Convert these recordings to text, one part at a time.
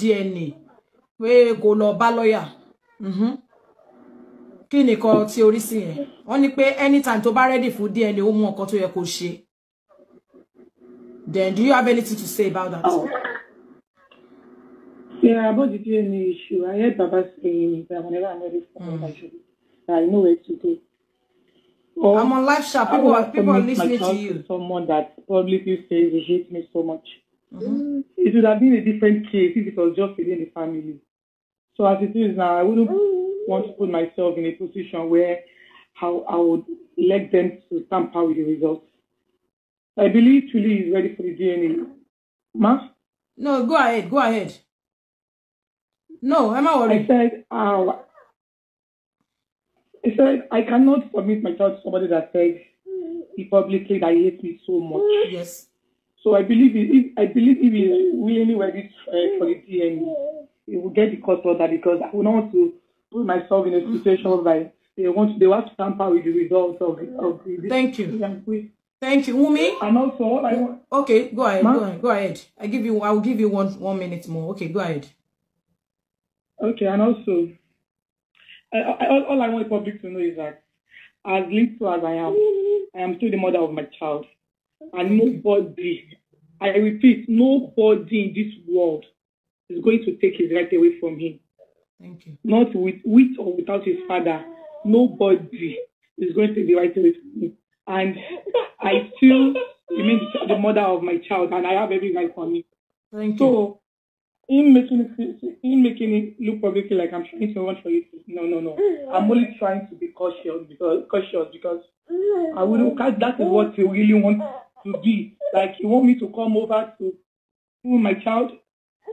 DNA pé kò lọ bá lọ́yà mhm. kí nìkan tí orí sí yẹn wọ́n ní pé anytime to bá ready for DNA ó mú nǹkan tó yẹ kó ṣe then do you have anything to say about that. Oh. Yeah, about the DNA issue, I heard Baba say but whenever I'm ready for mm. Should, I know where to go. Or I'm on live chat. People people are listening to you. To someone that publicly says he hates me so much. Mm-hmm. mm-hmm. It would have been a different case if it was just within the family. So as it is now, I wouldn't mm-hmm. want to put myself in a position where how I would let them to tamper with the results. I believe Julie is ready for the DNA. Ma? No, go ahead, go ahead. No, I'm not worried. I said, uh, I said, I cannot submit my child to somebody that said he publicly that he hates me so much. Yes. So I believe if I believe if he willingly wear this uh, for the TN, he will get the court order because I would not want to put myself in a situation where they want they want to tamper with the results of of the mm. Thank you. Thank you, Wumi. And also, all I want. Okay, go ahead. Ma go ahead. Go ahead. I give you. I'll give you one one minute more. Okay, go ahead. Okay, and also, I, I, all, all I want the public to know is that, as little as I am, I am still the mother of my child. and nobody, I repeat, nobody in this world is going to take his right away from him. Thank you. Not with, with or without his father. Nobody is going to take the right away from him. And I still remain the mother of my child, and I have every right for me. Thank so, you. in making it, in making it look publicly like I'm trying to run for you, no, no, no. I'm only trying to be cautious because cautious because I would that is what you really want to be. Like you want me to come over to do my child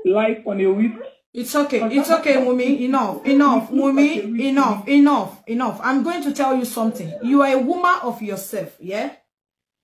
life on a week. It's okay. It's okay, Mumi. Enough. Enough. Mumi. Enough. Enough. Enough. I'm going to tell you something. You are a woman of yourself. Yeah.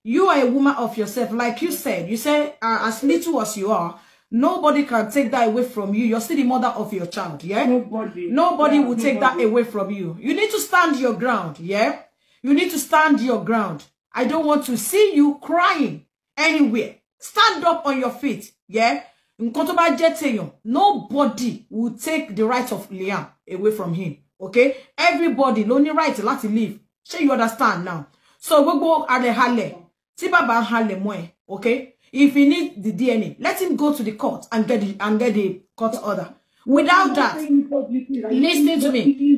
You are a woman of yourself. Like you said, you say uh, as little as you are, Nobody can take that away from you. You're still the mother of your child, yeah? Nobody. Nobody yeah, will nobody. take that away from you. You need to stand your ground, yeah? You need to stand your ground. I don't want to see you crying anywhere. Stand up on your feet. Yeah. Nǹkan tó bá jẹ́ Nobody will take the right of Liam away from him. Okay? Everybody ló ní right láti live. So you understand now? So gbogbo àrẹ̀halẹ̀ tí bàbá halẹ̀ mọ́ ẹ. Okay? If he needs the DNA, let him go to the court and get the, and get the court order. Without that, listen to me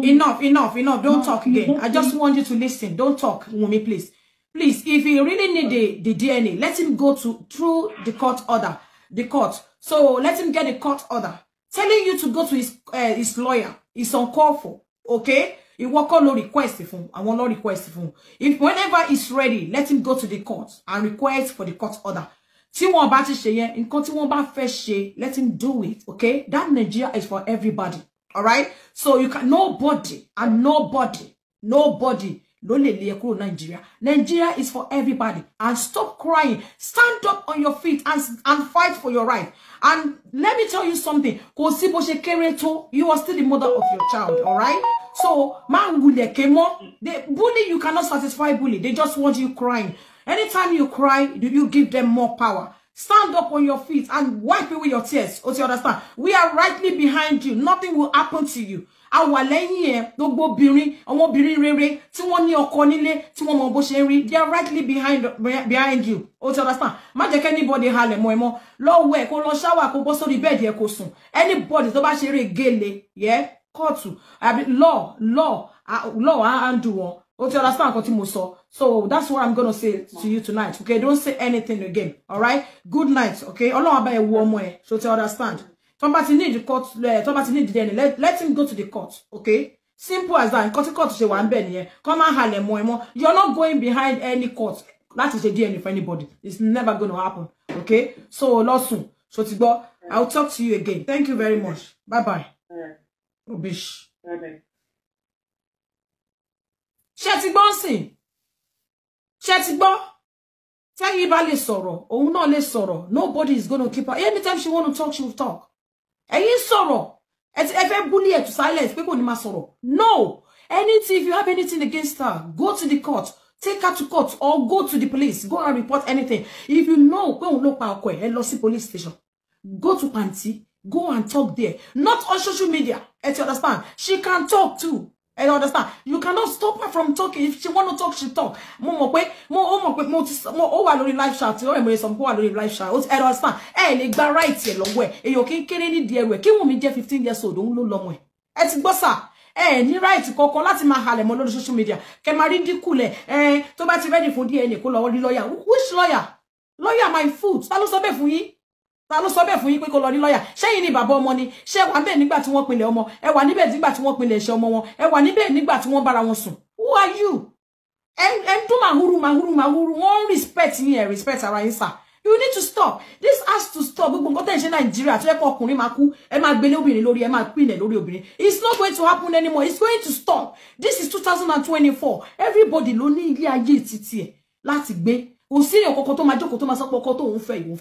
enough, enough, enough. Don't no, talk again. I just want you to listen. Don't talk, Wumi, please. Please, if he really need the, the DNA, let him go to through the court order. The court. So let him get the court order. Telling you to go to his uh, his lawyer is uncalled for. Okay? He Ìwọ kọ́ no request I Àwọn ló request fún. If whenever he's ready, let him go to the court and request for the court order. tí wọ́n bá ti ṣe yẹn nǹkan tí wọ́n bá fẹ́ let him do it okay that Nigeria is for everybody all right so you can nobody and nobody nobody no lè Nigeria Nigeria is for everybody and stop crying stand up on your feet and and fight for your right and let me tell you something kò sí bó ṣe you are still the mother of your child all right so mangule kemo the bully you cannot satisfy bully they just want you crying anytime you cry do you give them more power Stand up on your feet and wipe away your tears. Oh, you understand? We are rightly behind you. Nothing will happen to you. A wà lẹ́yìn ẹ̀ gbogbo obìnrin, àwọn obìnrin rere tí wọ́n ní ọkọ nílé tí wọ́n mọ bó ṣe ń rí. They are rightly behind, behind you. O ti understand? Má jẹ́ kẹ́nibọ́dì halẹ̀ mọ́ ẹ mọ́. Lọ wẹ̀ kó lọ ṣáwà kó bọ́ sórí bẹ́ẹ̀dì ẹ̀ kó sùn. Anybody tó bá ṣeré gèlè yẹ kóòtù àbí law law law á ń dùn wọn. Oh, o ti understand nǹkan tí mo so that's what i'm gonna say to you tonight okay don't say anything again All right. good night okay ọlọ́run abáyẹ wo ọmọ ẹ so you understand tó bá eh, need the court tó bá need the let let him go to the court okay simple as that Court tí court ṣe wà ń here. Come kọ́ máa more mọ́ ẹ you're not going behind any court That is ṣe DNA for anybody it's never gonna happen okay so lọ́sùn so ti I'll talk to you again thank you very much bye bye rubbish. Bye -bye ṣé ti gbọ́ sìn ṣé ti gbọ́ tẹ́yìn bá lè sọ̀rọ̀ òun náà lè sọ̀rọ̀ nobody is gonna keep her anytime she wanna talk she will talk ẹ̀yin sọ̀rọ̀ ẹ fẹ́ bully ẹ̀ to silence pé kò ní máa sọ̀rọ̀ no anything if you have anything against her go to the court take her to court or go to the police go and report anything if you know pé òun ló pa ọkọ ẹ̀ ẹ lọ sí police station go to panti go and talk there not on social media ẹ ti understand she can talk too I understand. You cannot stop her from talking. If she want to talk, she talk. Mo mọ̀ pé mo o mọ̀ pé mo ti mo o wà lórí live chat. O mo some mo wà lórí live chat. O I understand. Ẹ lè gba right ẹ lọ́wọ́ ẹ. Eyo kin kéré ní di ẹrù ẹ. Kí wọ́n mi jẹ́ 15 years old òun ló lọ́mọ ẹ. Ẹ ti gbọ́ sir ẹ ní right kankan láti máa halẹ̀ mọ́ lórí social media kẹ máa rí dínkùlẹ̀ ẹ tó bá ti ready fún DNA kó lọ́wọ́ lawyer? which lawyer lawyer my foot ta ló sọ bẹ́ẹ̀ fún yín ta ló sọ bẹ́ẹ̀ fún yín pé kó lọ ní lọ́ọ̀yà ṣẹ́yìn ni bàbá ọmọ ni ṣé wà níbẹ̀ nígbà tí wọ́n pinlẹ̀ ọmọ ẹ wà níbẹ̀ nígbà tí wọ́n pinlẹ̀ ẹ̀ṣẹ̀ ọmọ wọn ẹ wà níbẹ̀ nígbà tí wọ́n bára wọn sùn who are you ẹ ń dún màhúrú màhúrú màhúrú wọ́n respect yín ẹ̀ respect ara yín sà you need to stop this has to stop gbogbo nǹkan tẹ̀ ń Nigeria. nàìjíríà tó yẹ kó ọkùnrin máa kú ẹ máa gbélé obìnrin lórí ẹ máa pinlẹ̀ lórí obìnrin it's not going to happen anymore it's going to stop this is 2024. thousand and twenty-four everybody ló ní ilé ayé títí ẹ̀ láti gbé kò sí èèyàn kọkọ tó máa to tó máa sọ pé ọkọ tóun fẹ́ ìwọ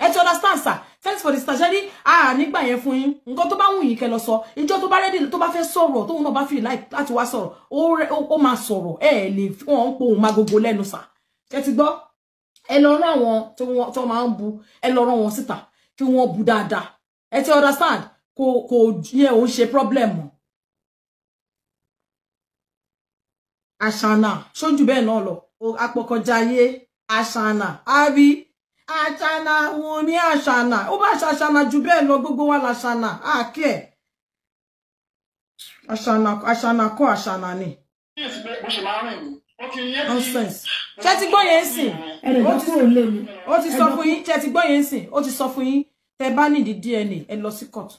ẹ ti understand sir thanks for the stagiary Ah, nígbà yẹn fún yín nǹkan tó bá wù yín kẹ́ lọ sọ ìjọ tó bá ready tó bá fẹ́ sọ̀rọ̀ tóun náà bá feel like láti wá sọ̀rọ̀ ó máa sọ̀rọ̀ ẹ lè wọn ń po òun máa gbogbo lẹ́nu sà ẹ ti gbọ́ ẹ lọ rán àwọn tó máa ń bu ẹ lọ rán wọn síta kí wọ́n bu dáadáa ẹ ti understand kò kò yẹ òun ṣe problem mọ́. àṣànà sójú bẹ́ẹ̀ náà lọ apọ̀kọjáyé àṣànà àbí. àṣànà Wùnmí àṣànà ó bá ṣàṣànà jù bẹ́ẹ̀ lọ gbogbo wa làṣànà àkí ẹ̀ àṣànà kọ́ àṣànà ni. nonsense ṣé ti gbọ́ yẹn sìn ó ti sọ fún yín ṣé ti gbọ́ yẹn sìn ó ti sọ fún yín tẹ bá nídìí DNA ẹ lọ sí court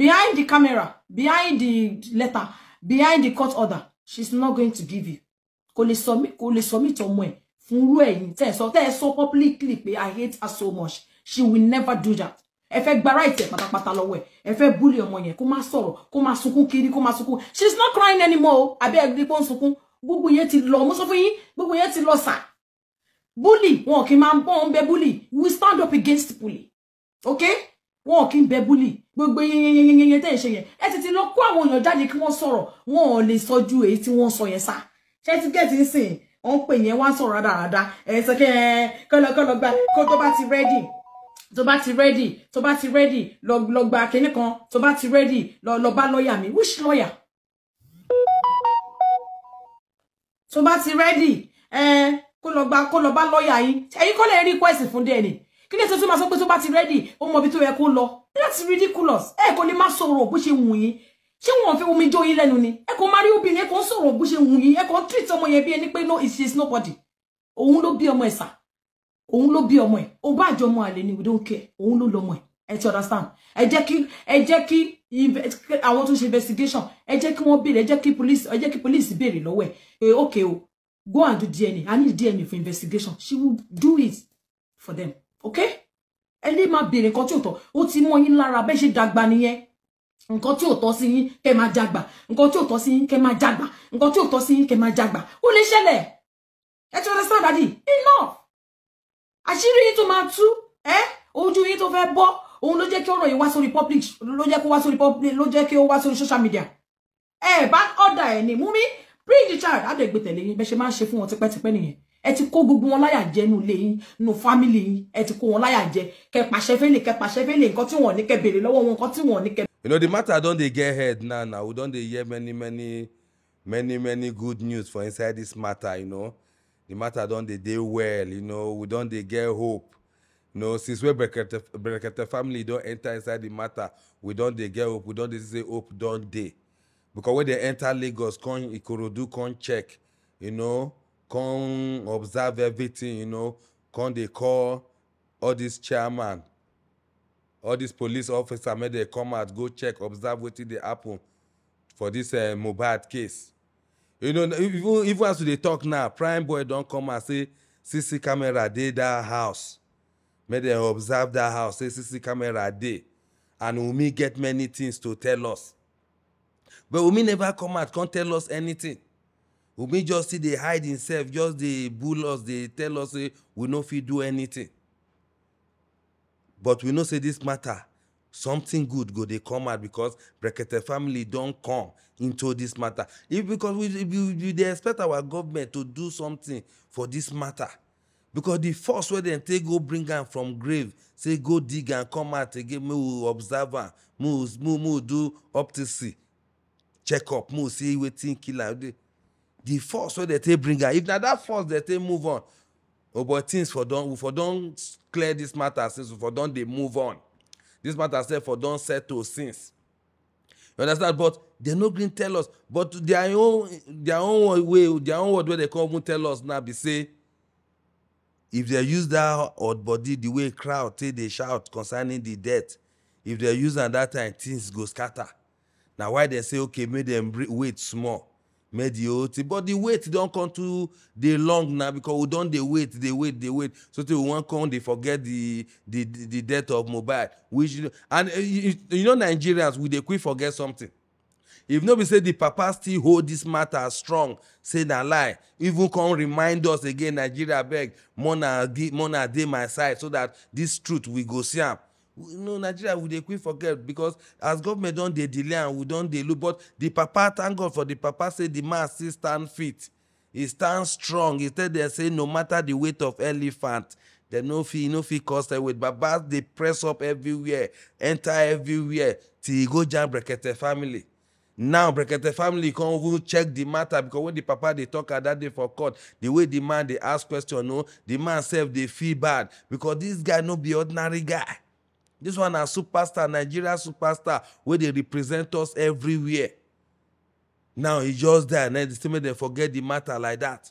behind the camera behind the letter behind the court order she's not going to give you kò lè submit kò lè submit ọmọ ẹ̀. fúnrú ẹ̀yin tẹ́ sọ tẹ́ sọ publicly pé i hate her so much she will never do that ẹ fẹ́ gba right ẹ pátápátá lọ́wọ́ ẹ ẹ fẹ́ bully ọmọ yẹn kó má sọ̀rọ̀ kó má sunkún kiri kó má sunkún she's not crying anymore àbí ẹ rí pé ó ń sunkún gbogbo yẹn ti lọ mo sọ fún yín gbogbo yẹn ti lọ sà bully wọn kì í máa ń bully we stand up against bully okay wọn kì í bẹ bully gbogbo yẹnyẹnyẹnyẹnyẹ tẹ́ ẹ ṣe yẹn ẹ ti ti lọ kó àwọn èèyàn jáde kí wọ́n sọ̀rọ̀ wọn ò lè sọ ju èyí tí wọ́n sa. She sá ṣe ti gẹ́ẹ̀tì ń ó ń pè yẹn wá ń sọ̀rọ̀ rádaràda ẹ̀ sọ kí ẹ kọ́lọ́kọ́lọ́ gba kó tó bá ti rẹ́dì tó bá ti rẹ́dì tó bá ti rẹ́dì lọ gba kinní kan tó bá ti rẹ́dì lọ bá lọ́ọ̀yà mi which lawyer tó bá ti rẹ́dì ẹ kó lọ gba kó lọ bá lọ́ọ̀yà yín ẹ̀yin kọ́ lè rí request fún DNA kí ni èso tó máa sọ pé tó bá ti rẹ́dì ó mọ ibi tó yẹ kó lọ that's ridiculous Eh? kò ní má sọ̀rọ̀ bó ṣe wù yín ṣé wọn fi omi jó yín lẹ́nu ni ẹ kò máa rí obìnrin ẹ kò ń sọ̀rọ̀ bó ṣe wù yín ẹ treat ọmọ yẹn bí ẹni pé no it is nobody òun ló bí ọmọ ẹ sà òun ló bí ọmọ ẹ ó bá àjọ ọmọ àlè ni we don't care òun lo lọmọ ẹ ẹ ti understand ẹ jẹ́ kí ẹ jẹ́ kí àwọn tó ṣe investigation ẹ jẹ́ kí wọ́n béèrè ẹ jẹ́ kí police ẹ jẹ́ kí police béèrè lọ́wọ́ ẹ okay o go and do DNA I need DNA for investigation she will do it for them okay ẹ lè máa béèrè nǹkan tí ò tọ́ ó ti mọ yín lára bẹ́ẹ̀ ṣe dàgbà nìyẹn nǹkan tí ò tọ́ sí yín kẹ́ máa jàgbà nǹkan tí ò tọ́ sí yín kẹ́ máa jàgbà nǹkan tí ò tọ́ sí yín kẹ́ máa jàgbà ó lè ṣẹlẹ̀ ẹ ti understand dadi enough àṣírí yín tó máa tú ẹ ojú yín tó fẹ́ bọ́ òun ló jẹ́ kí ọ̀rọ̀ yìí wá sórí public ló jẹ́ kó wá sórí public ló jẹ́ kí ó wá sórí social media eh bá order ẹ̀ mumi Wunmi bring the child á dẹ̀ gbé tẹ̀lé yín bẹ́ẹ̀ ṣe máa ń ṣe fún wọn tipẹ́tipẹ́ nìyẹn ẹ ti kó gbogbo wọn láyà jẹ nínú ilé yín nínú fámìlì yín ẹ ti kó wọn láyà jẹ kẹ pàṣẹ fẹlẹ kẹ pàṣẹ fẹlẹ nǹkan tí wọn ò ní kẹ béèrè lọ́wọ́ wọn nǹkan tí wọn ò ní kẹ you know the matter don dey get head now now we don dey hear many many many many good news for inside this matter you know the matter don dey dey well you know we don dey get hope you know since wey brekete brekete family don enter inside the matter we don dey get hope we don dey see say hope don dey because when they enter lagos come ikorodu come check you know come observe everything you know come dey call all this chairman all these police officer make dem come out go check observe wetin dey happen for this uh, mohbad case you know even even as we dey talk now prime boy don come out say cc camera dey that house make dem observe that house say cc camera dey and wunmi get many things to tell us but wunmi never come out come tell us anything wunmi just still dey hide himself just dey bull us dey tell us say we no fit do anything but we know say this matter something good go dey come out because brekete family don come into this matter if because we we we dey expect our government to do something for this matter because the force wey dem take go bring am from grave say go dig am come out again make we observe am make we make we do autopsy check up make we see wetin kill am the force wey dem take bring am if na that force dem take move on oh but things for don we for don clear this matter since we for don dey move on this matter sef for don settle since you understand but dem no gree tell us but their own their own way their own word wey dem come even tell us now be say if dem use that hot body the way crowd take dey shout concerning the death if dem use am that time things go scatter na why dem say okay make dem wait small medio till but the wait don come too dey long now because we don dey wait dey wait dey wait so tey we wan come dey forget the the the death of mohbad which and uh, you, you know nigerians we dey quick forget something if no be say the papa still hold this matter strong say na lie even come remind us again nigeria abeg mona dey my side so that this truth we go see am you know nigeria we dey quick forget because as government don dey delay and we don dey look but the papa thank god for the papa say the man still stand fit he stand strong he tell them say no matter the weight of elephant dem no fit no fit cause dem weight baba dey press up everywhere enter everywhere till e go jam brekete family now brekete family come even check the matter because when the papa dey talk at that day for court the way the man dey ask question no oh, the man sef dey feel bad because this guy no be ordinary guy This one na superstar nigeria superstar wey dey represent us everywhere now he just die and then still make dem forget the matter like that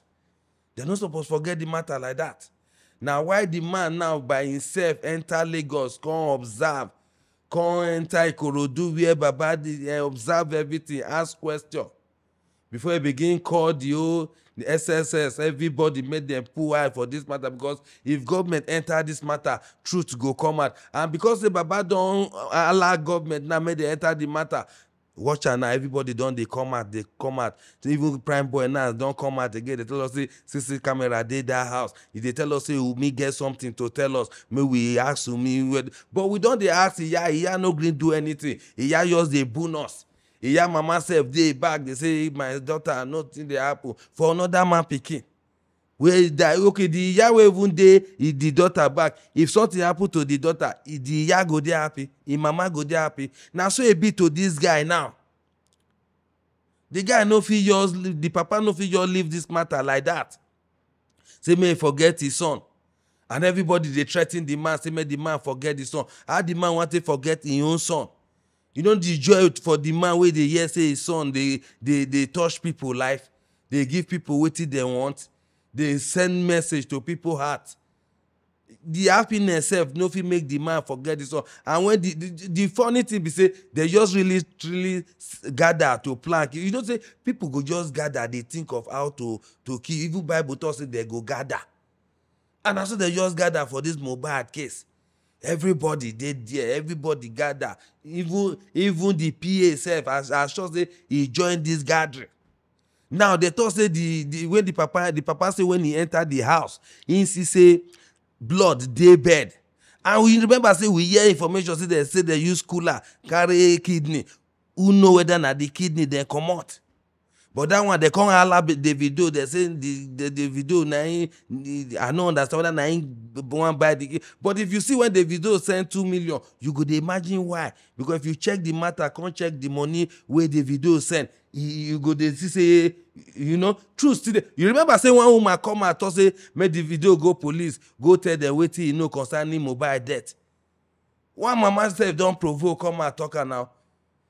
dem no suppose forget the matter like that na why the man now by himself enter lagos come observe come enter ikorodu where baba dey eh, observe everything ask question before he begin call the whole the sss everybody make them put eye for this matter because if government enter this matter truth go come out and because say baba don allow government now make dem enter the matter watch am now everybody don dey come out dey come out even prime boy now don come out again dey tell us say cc camera dey that house e dey tell us say wunmi get something to tell us may we ask wunmi but we don dey ask iya iya no gree do anything iya just dey boon us iya mama sef dey back dey say my daughter nothing dey happen for another man pikin wey die okay the iya wey even dey the daughter back if something happen to the daughter the iya go dey happy him mama go dey happy na so e be to this guy now the guy no fit just the papa no fit just leave this matter like that say may he forget his son and everybody dey threa ten the man say may the man forget the son how the man wan take forget him own son you know the joy for the man wey dey hear say his son dey dey dey touch people life dey give people wetin dem want dey send message to people heart the happiness sef no fit make the man forget his son and when the the, the funny thing be say they just really really gather to plan you know say people go just gather dey think of how to to kill even bible talk say they go gather and na so they just gather for this mohbad case everybody dey there everybody gather even even the pa sef as as sure say he join this gathering now they talk say the the when the papa the papa say when he enter the house he see say blood dey bed and we remember say we hear information say they say they use cooler carry kidney who know whether na the kidney dem comot But that one, they come the video. They say the, the video. nah, I don't understand whether nah, one buy the. But if you see when the video send two million, you could imagine why. Because if you check the matter, come check the money where the video send. You go they see say, you know, true today. You remember saying one woman come out talk say, make the video go police, go tell them waiting you know concerning mobile debt. One mama said don't provoke come out talk her now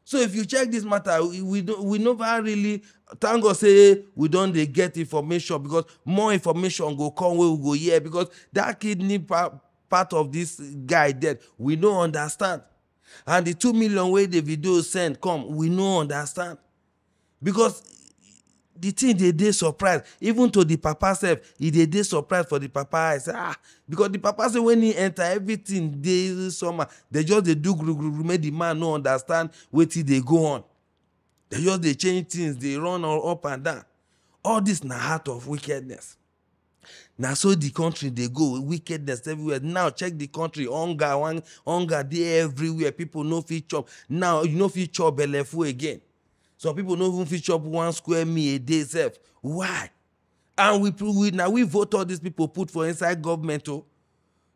so if you check this matter we we, we never really thank god say we don dey get information because more information go come wey we go hear because dat kidney part of this guy dead we no understand and the two million wey davido send come we no understand because the thing dey dey surprise even to the papa sef e dey dey surprise for the papa eye say ah because the papa say when he enter everything dey somehow they just dey do gburugburu make the man no understand wetin dey go on they just dey change things dey run all up and down all this na heart of wickedness na so the country dey go wickedness everywhere now check the country hunger hunger dey everywhere people no fit chop now you no fit chop belleful again some people no even fit chop one square meal a day sef why and we we na we vote all these people put for inside government o oh.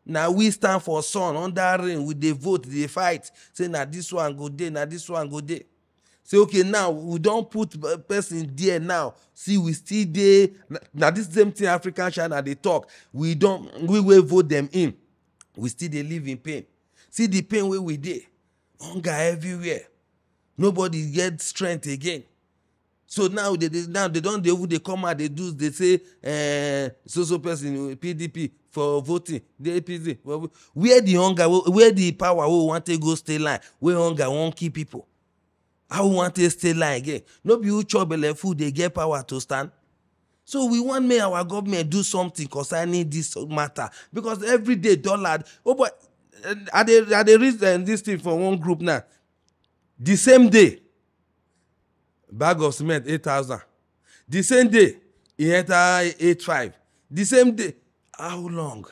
na we stand for sun under rain we dey vote dey fight say na this one go dey na this one go dey say okay now we don put person there now see we still dey na this same thing african china dey talk we don we wey vote dem in we still dey live in pain see the pain wey we dey hunger everywhere nobody get strength again so now they dey now they don dey even dey come out dey do dey say eh, so so person pdp for voting the apc where the hunger where the power wey we wan take go stay line wey hunger wan kill people how we wan take stay line again no be who chop belle full dey get power to stand so we wan make our government do something concerning this matter because every day dollar oh boy eh, i dey i dey read um, this thing for one group now the same day bag of cement eight thousand the same day he enter eight five the same day how long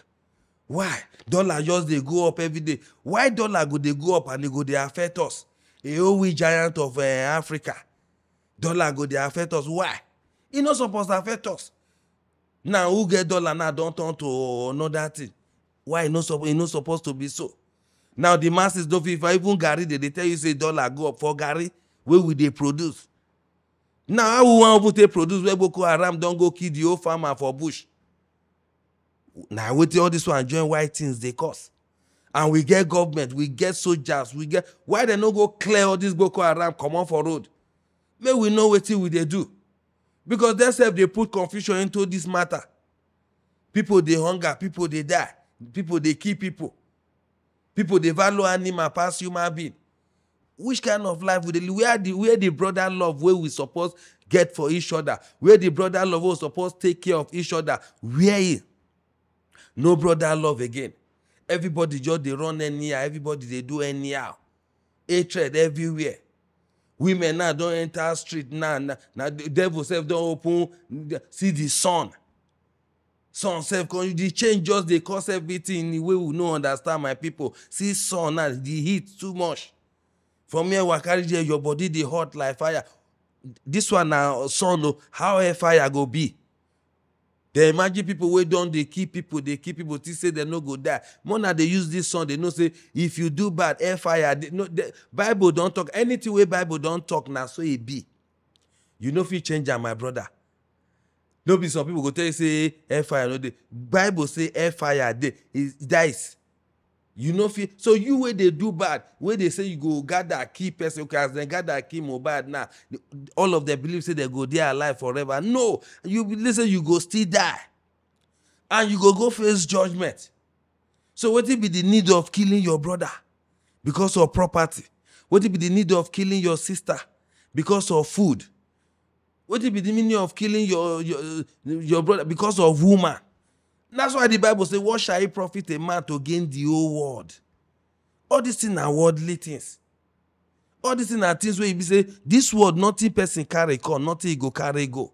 why dollar just dey go up every day why dollar go dey go up and e go dey affect us a owe giant of uh, africa dollar go dey affect us why e no suppose affect us now who get dollar now don turn to another thing why e no suppose e no suppose to be so now the masses no fit even garri dey dey tell you say dollar go up for garri wey we dey produce now how we wan even take produce wey boko haram don go kill the whole farmer for bush na wetin all this one join why things dey cost? and we get government we get soldiers we get why dem no go clear all this boko haram comot for road make we know wetin we dey do because dem sef dey put confusion into this matter people dey hunger people dey die people dey kill people people dey value animal pass human being which kind of life we dey live where the where the brother love wey we suppose get for each other where the brother love wey we suppose take care of each other where e no brother love again everybody just dey run anyhow everybody dey do anyhow hatred everywhere women now don enter street now na na devil sef don open see the sun sun sef con the change just dey cause everything in the way we no understand my people see sun now the heat too much from here wakari there your body dey hot like fire this one na sun o oh, how air fire go be dey imagine people wey don dey kill people dey kill people think say dem no go die more na dey use this sun dey know say if you do bad air fire dey no dey bible don talk anything wey bible don talk na so e be you no know, fit change am my brother no be some people go tell you say fire no dey bible say hellfire dey that dies. you no fit so you wey dey do bad wey dey say you go gather kill person okay as dem gather kill mohbad now all of dem believe say dem go dey alive forever no you believe say you go still die and you go go face judgement so wetin be the need of killing your brother because of property wetin be the need of killing your sister because of food wetin be the meaning of killing your your your brother because of woman that's why the bible say what shall it profit a man to gain the whole world all these things na worldly things all these things na things wey e be say this world nothing person carry come nothing e go carry go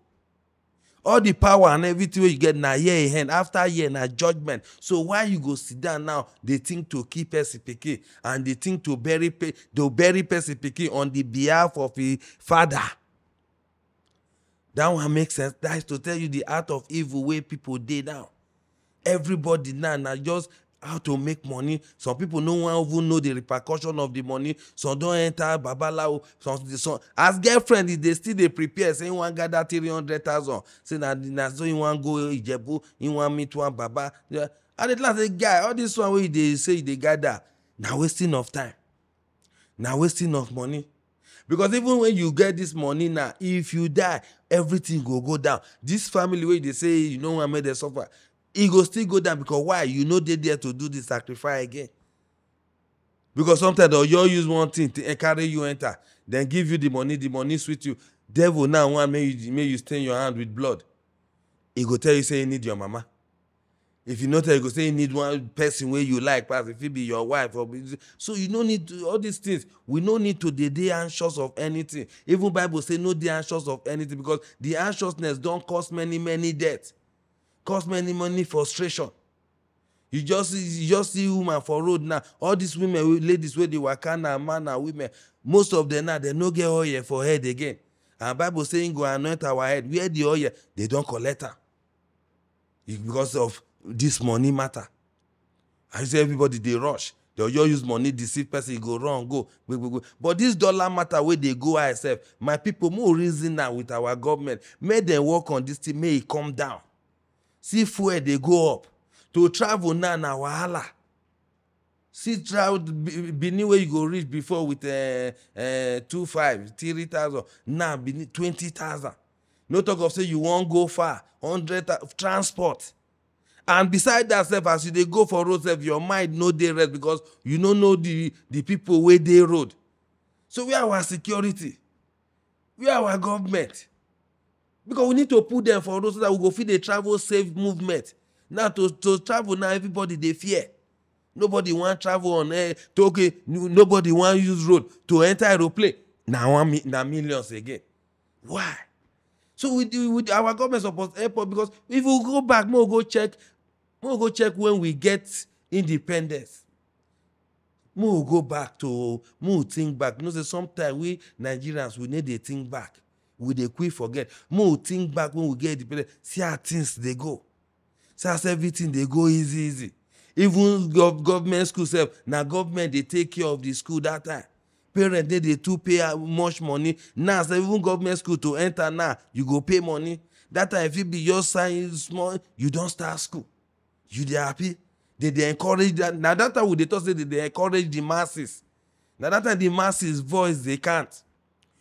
all the power and everything wey you get na year e end after year na judgement so why you go sit down now dey think to kill person pikin and dey think to bury to bury person pikin on the behalf of e father that one makes sense that is to tell you the art of evil way people dey now everybody now now just how to make money some people no one, even know the repercussion of the money some don't enter babalawo some some as girlfriend they still they prepare say e wan gather three hundred thousand say na na so you want go ijebu e wan meet one baba and at last the guy all this one wey they say they gather Now wasting of time Now wasting of money because even when you get this money now if you die everything go go down this family wey dey say you know wan make dem suffer e go still go down because why you no dey there to do the sacrifice again because sometimes oyo use one thing to carry you enter then give you the money the money sweet you devil now wan make you make you stain your hand with blood e go tell you say you need your mama if you no tell you go say you need one person wey you like pass it fit be your wife or so you no need to all these things we no need to dey dey anxious of anything even bible say no dey anxious of anything because the anxiousness don cause many many death cause many many frustration you just you just see woman for road now all these women ladies wey dey waka na man na women most of them now they no get oil for head again and bible say him go anoint our head where the oil they don collect am because of this money matter i say everybody they rush They all use money deceive person e go wrong. go gbegbe but this dollar matter where they go high sef my people more reason am with our government make them work on this thing make it come down see where they go up to travel now na wahala see travel benin where you go reach before with uh, uh, two five three thousand now benin twenty thousand no talk of say you won't go far hundred transport and beside that sef as you they go for road sef your mind no day rest because you don't know the the people where they road so where our security where our government because we need to put them for road so that we go fit the travel safe movement now to to travel now everybody they fear nobody want travel on air eh, to okay nobody want use road to enter aeroplane Now one now millions again why so we do with our government supposed airport because if we go back more we go check Mo go check when we get independence Mo go back to mo think back you know say sometimes we nigerians we no dey think back we dey quick forget Mo think back when we get independence see how things dey go see as everything dey go easy easy even gov government school sef na government dey take care of the school that time parents dey dey too pay much money now sef even government school to enter now you go pay money that time e fit be just sign small you don start school you dey happy they dey encourage that na that time we dey talk say they dey encourage the masses na that time the masses voice dey count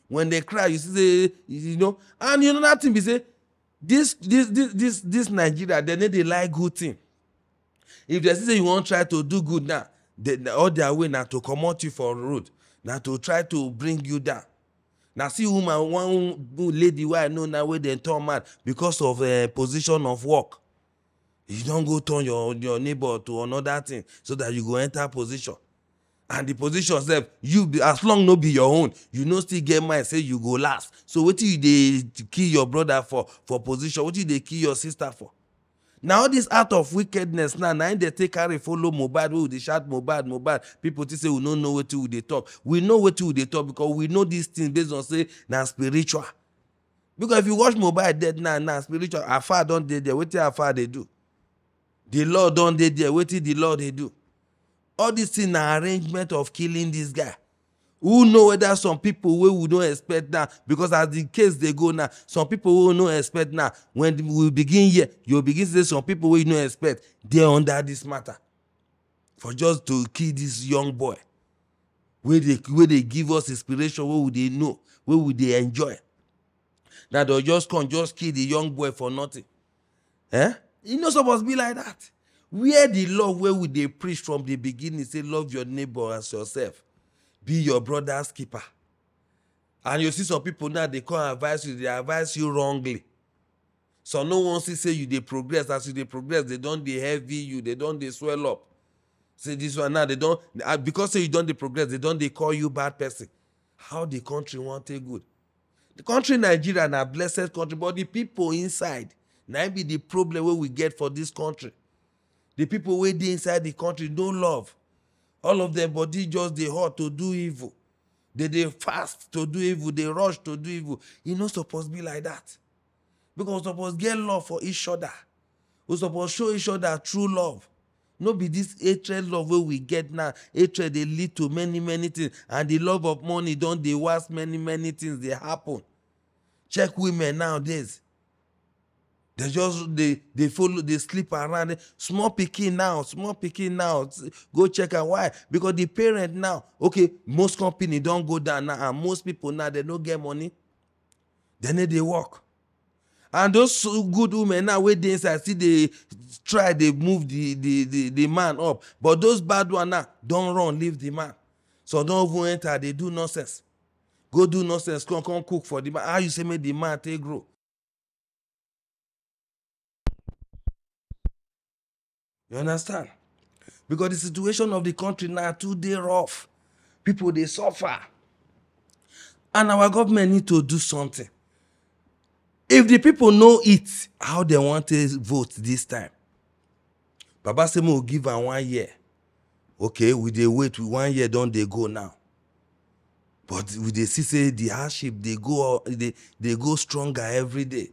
when they cry you see say you know and you know that thing be say this this this this this nigeria dem no dey like good thing if dem see say you wan try to do good now they, all their way na to comot you for road na to try to bring you down na see woman one lady wey i know now wey dem turn mad because of uh, position of work you don go turn your your neighbor to another thing so that you go enter position and the position sef you be as long no be your own you no still get mind say you go last so wetin you dey kill your brother for for position wetin you dey kill your sister for na all this art of wickedness now na im dey take carry follow mohbad wey we dey shout mohbad mohbad people think say we no know wetin we dey talk we know wetin we dey talk because we know these things based on say na spiritual because if you watch mohbad dead now na spiritual afar don dey there wetin afar dey do the lord don dey there wetin the lord dey do all this thing na arrangement of killing this guy who know whether some people wey we no expect now because as the case dey go now some people wey we no expect now when we begin hear you begin say some people wey you no expect dey under this matter for just to kill this young boy wey dey wey dey give us inspiration wey we dey know wey we dey enjoy na dem just come just kill the young boy for nothing eh e supposed to be like that where the love where we they preach from the beginning say love your neighbor as yourself be your brother's keeper and you see some people now they come advise you they advise you wrongly So no one see say you they progress as you they progress they don't they heavy you they don't they swell up say this one now they don't ah, because say you don't they progress they don't they call you bad person how the country want a good the country nigeria na blessed country but the people inside na be the problem wey we get for this country the people wey dey inside the country no love all of dem body just dey hot to do evil They dey fast to do evil dey rush to do evil e no suppose be like that because we suppose get love for each other we suppose show each other true love no be this hatred love wey we get now hatred dey lead to many many things and the love of money don dey worse many many things dey happen check women nowadays They just they they follow they sleep around small pikin now small pikin now go check am why because the parent now okay most company don go down now and most people now they no get money they no dey work and those good women now wey dey inside still dey try dey move the the the the man up but those bad one now don run leave the man some don even enter dey do nonsense go do nonsense come come cook for the man how you say make the man take grow you understand because the situation of the country now too dey rough people they suffer and our government need to do something if the people know it how they want to vote this time baba say make give am one year okay we they wait we one year don't they go now but with the see say the hardship they go they they go stronger every day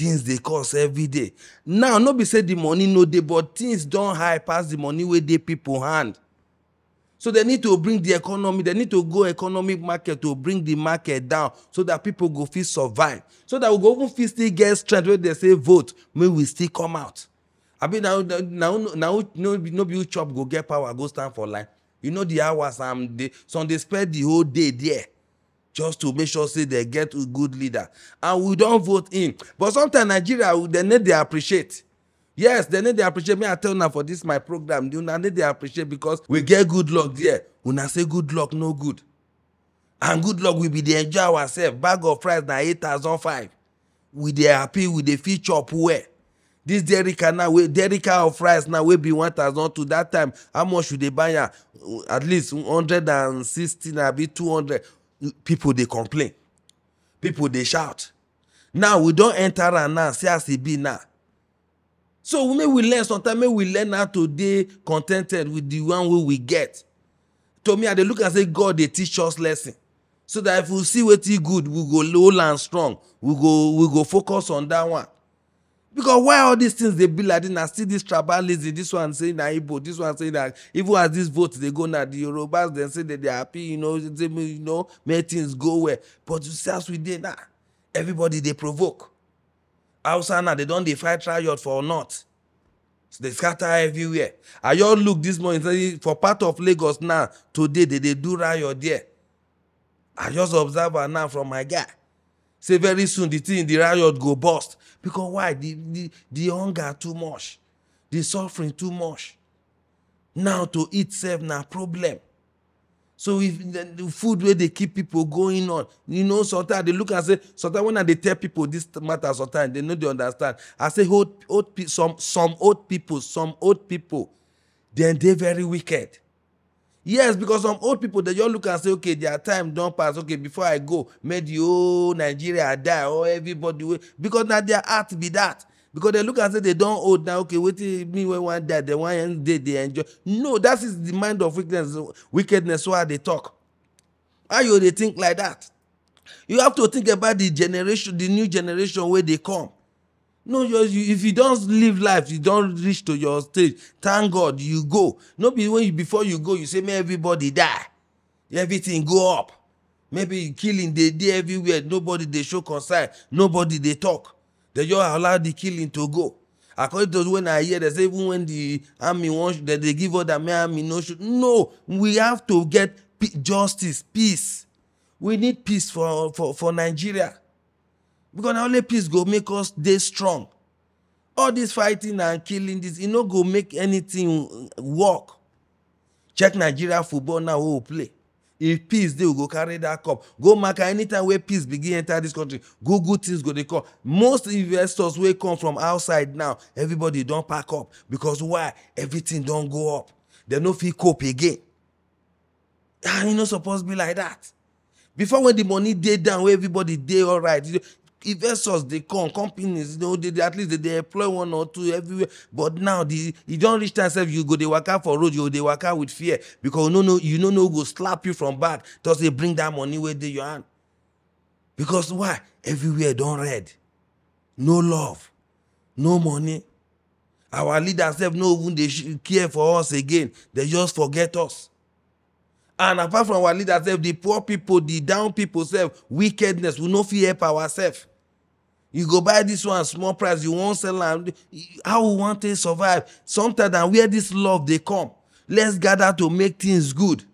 things dey cost every day now no be say the money no dey but things don high pass the money wey dey people hand so they need to bring the economy they need to go economic market to bring the market down so that people go fit survive so that we go even fit still get strength wey dey say vote may we still come out abi na na na no be no be who chop go get power go stand for line you know the hours am dey some dey spend the whole day there just to make sure say they get a good leader and we don vote in but sometimes nigeria dem need dey appreciate yes dem need dey appreciate me i tell una for this my program una need dey appreciate because we get good luck there una say good luck no good and good luck we be dey enjoy ourselves bag of rice na eight thousand five we dey happy we dey fit chop well this derica now wey derica of rice now wey be one thousand two that time how much you dey buy am at least one hundred and sixty na be two hundred people they complain people they shout now we don't enter am now see as e be now so make we learn sometimes make we learn how to dey contented with the one wey we get to me i dey look and say god they teach us lesson so that if we see wetin good we go low and strong we go we go focus on that one because why all these things dey be like this na still this tribalism this one say na igbo this one say na even as this vote dey go na the yorubas dem say dem dey happy you know say you know make things go well but you see as we dey now everybody dey provoke hausa now they don dey fight riot for north so they scatter everywhere i just look this morning say for part of lagos now today they dey do riot there i just observe am now from my guy say very soon the thing the riot go burst because why the the the hunger too much the suffering too much now to eat sef na problem so if the, the food wey dey keep people going on you know sometimes i dey look am say sometimes when i dey tell people this matter sometimes they no dey understand i say old old some some old people some old people dem dey very wicked yes because some old people dey just look and say okay their time don pass okay before i go make the whole nigeria die or everybody wey because na their heart be that because they look and say they don old now okay wetin me when one die they one end day they enjoy no that is the mind of wickedness wickedness wey i dey talk how you dey think like that you have to think about the generation the new generation wey dey come no you, if you don live life you don reach to your stage thank god you go no be when you before you go you say make everybody die everything go up maybe killing dey dey everywhere nobody dey show concern nobody dey talk they just allow the killing to go according to when i hear they say even when the army wan they dey give order make army no shoot no we have to get justice peace we need peace for for for nigeria because na only peace go make us dey strong all this fighting and killing this e no go make anything work check nigeria football now wey we play if peace dey we go carry that cup go maka anytime wey peace begin enter this country good good things go dey come most investors wey come from outside now everybody don pack up because why everything don go up dem no fit cope again Ah, e no suppose be like that before when the money dey down wey everybody dey alright investors dey come companies you know, they, they, at least they dey employ one or two everywhere but now the e don reach time sef you go dey waka for road you go dey waka with fear because you no know you no know who go slap you from back just dey bring that money wey dey your hand because why everywhere don red no love no money our leaders sef no even dey care for us again dey just forget us and apart from our leaders sef the poor people the down people sef wickedness we no fit help ourselves you go buy this one small price you won't sell am how we want to survive sometimes na where this love dey come let's gather to make things good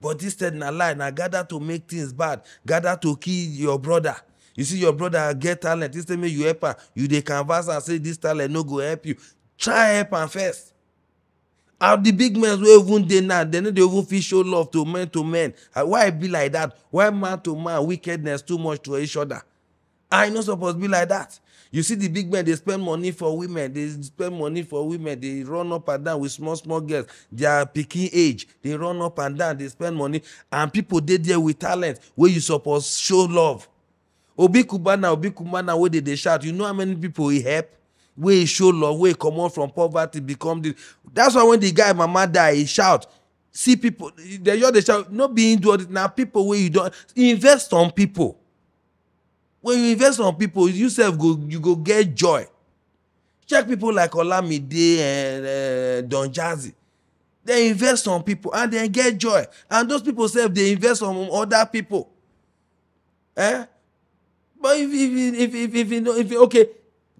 but this thing na lie na gather to make things bad gather to kill your brother you see your brother get talent instead make you help am you dey converse am say this talent no go help you try help am first and the big men wey even dey now dem no dey even fit show love to men to men why e be like that why man to man wickedness too much to each other I no suppose be like that. You see the big men, they spend money for women. They spend money for women. They run up and down with small, small girls. They are picking age. They run up and down. They spend money. And people, they there with talent where you suppose show love. Obi Kubana, Obi Kubana, where they, they shout. You know how many people he help? Where he show love, where he come out from poverty, become the. That's why when the guy, mama die, he shout. See people, they, they shout, not being do all this. Now people where you don't, invest on people. when you invest on people you yourself go you go get joy check people like olamide and uh, don jazzy they invest on people and they get joy and those people self they invest on other people eh but if if if if if, if okay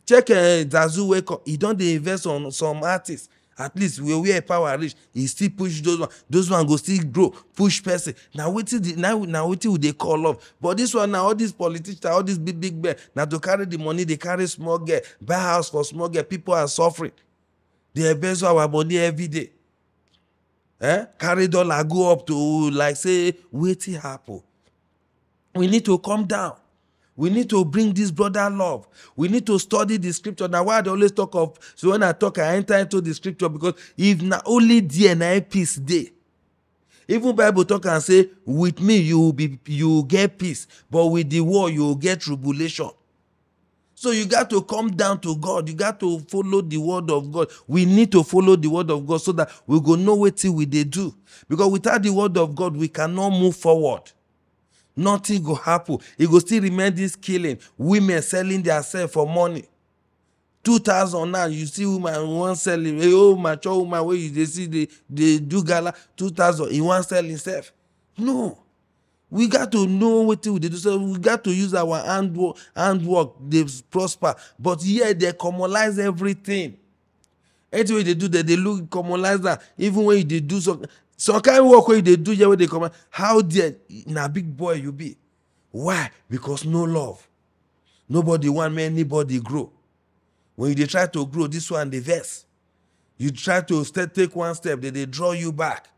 check uh, eh, dazu wake up he don't invest on some artists at least we where power reach He still push those one those one go still grow push person na the now now wetin we they call love but this one now all these politicians all these big big men Now to carry the money they carry small girl buy house for small girl people are suffering They invest our money every day eh carry dollar go up to like say wetin happen we need to come down We need to bring this brother love. We need to study the scripture. Now, why I always talk of, so when I talk, I enter into the scripture because if not only DNA peace day, even bible talk and say with me you will be you get peace but with the war you get tribulation so you got to come down to god you got to follow the word of god we need to follow the word of god so that we go know wetin we dey do because without the word of god we cannot move forward nothing go happen e go still remain this killing women selling their self for money two thousand now you see woman wan sell him hey oh mature woman wey you dey see dey dey do gala two thousand he wan sell himself no we got to know wetin we dey do so we got to use our hand work hand work dey prosper but here yeah, dey commonize everything anything wey you dey do dem dey look commonize am even when you dey do something some kind of work wey you dey do here wey dey come how there na big boy you be why because no love nobody wan make anybody grow when you dey try to grow this one dey vex you try to st take one step they dey draw you back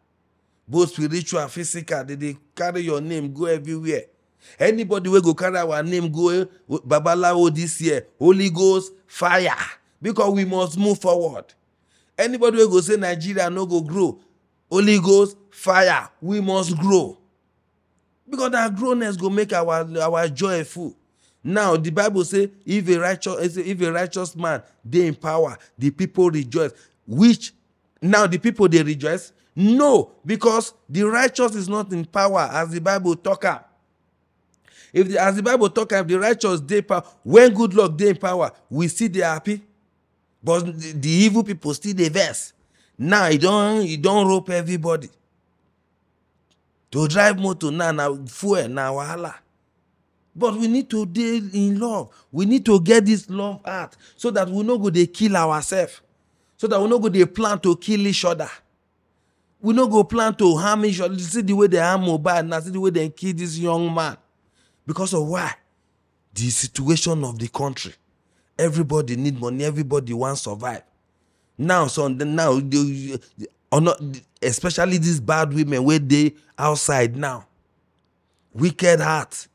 both spiritual and physical they dey carry your name go everywhere anybody wey go carry our name go eh, babalawo this year holy ghost fire because we must move forward anybody wey go say nigeria no go grow holy ghost fire we must grow because that growness go make our our joy full now the bible say if a righteous if a righteous man dey in power the people rejoice which now the people dey rejoice no because the righteous is not in power as the bible talk am if the as the bible talk am the righteous dey power when good luck dey in power we still dey happy but the, the evil people still dey vex now he don he don rope everybody to drive motor now na fuel na wahala but we need to dey in love we need to get this love heart so that we no go dey kill ourselves so that we no go dey plan to kill each other we no go plan to harm each other see the way they harm mohbad na see the way they kill this young man because of why the situation of the country everybody need money everybody wan survive now son now they, or not, especially these bad women wey dey outside now wicked heart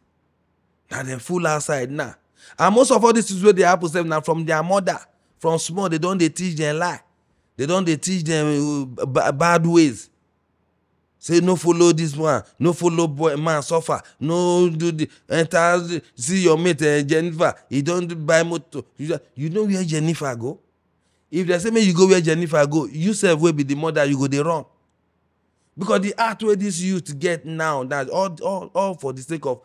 na dem full outside now and most of all these things wey dey happen sef na from their mother from small they don dey teach dem lie they don dey teach dem uh, bad ways say no follow this one no follow boy man suffer no do the enter see your mate uh, jennifer he don buy motor you know where jennifer go if they say make you go where jennifer go you sef wey be the mother you go dey run because the heart wey this youth get now na all all all for the sake of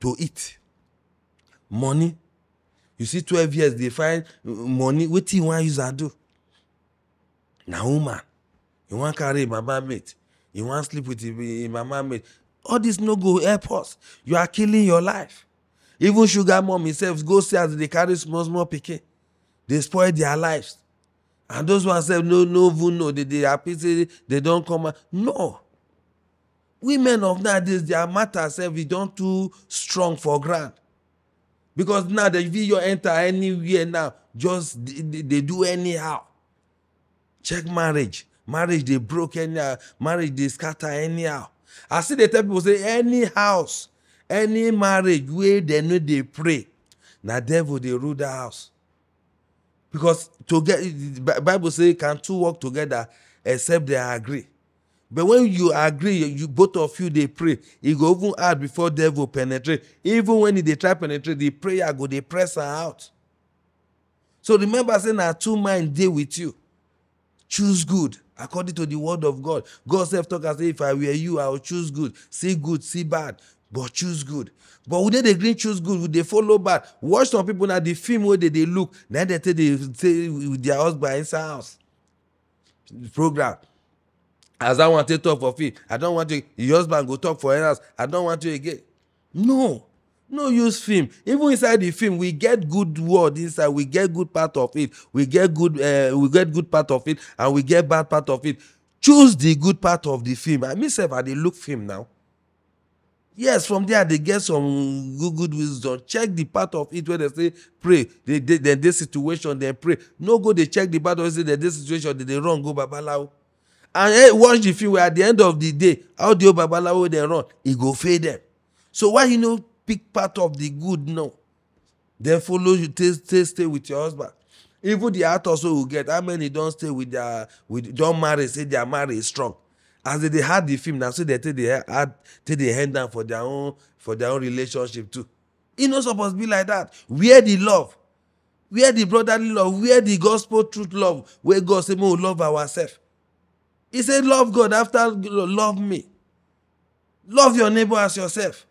to eat money you see twelve years dey find money wetin you wan use am do na woman you wan carry im mama mate you wan sleep with im mama mate all this no go help us you are killing your life even sugar mum himself go see as they dey carry small small pikin dey spoil their lives and those ones say no no even know they dey happy say they don't come out no women of nowadays their matter say we don't too strong for ground because now the video enter anywhere now just they dey do anyhow check marriage marriage they broke anyhow marriage they scatter anyhow i see dey tell people say any house any marriage where they know they pray na devil they rule the house because to get the bible say can two work together except they agree but when you agree you both of you dey pray e go even hard before devil penetrate even when e dey try penetrate the prayer go dey press am out so remember say na two mind dey with you choose good according to the word of god god sef talk am say if i were you i would choose good see good see bad but choose good but we no dey gree choose good we dey follow bad watch some people na the film wey dey dey look na dem take dey stay with their husband inside house program as that one take talk for film i don want to your husband go talk for house i don want to again no no use film even inside the film we get good word inside we get good part of it we get good uh, we get good part of it and we get bad part of it choose the good part of the film i mean sef i dey look film now yes from there they get some good good wisdom check the part of it wey they say pray They dey dem this situation They pray no go They check the part of it say dem this situation they dey run go babalawo and hey, watch the film wey at the end of the day how the old babalawo They run e go fail them. so why you no pick part of the good now then follow you stay stay with your husband even the heart also will get how many don stay with their with don marry say their marriage strong as they dey add the film na so they take the add take dey end am for their own for their own relationship too e no suppose be like that where the love where the brotherly love where the gospel truth love wey god say make we love ourselves he say love god after love me love your neighbor as yourself